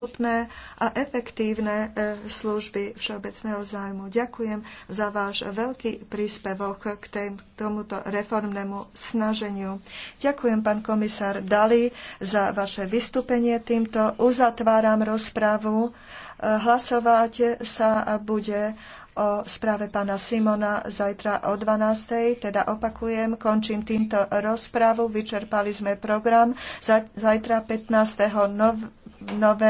dostupné a efektívne e, služby všeobecného zájmu. Ďakujem za váš veľký príspevok k tomuto reformnému snaženiu. Ďakujem, pán komisár Dali, za vaše vystúpenie. Týmto uzatváram rozpravu. E, hlasovať sa bude o správe pána Simona zajtra o 12.00. Teda opakujem, končím týmto rozprávu. Vyčerpali sme program zajtra 15. novembra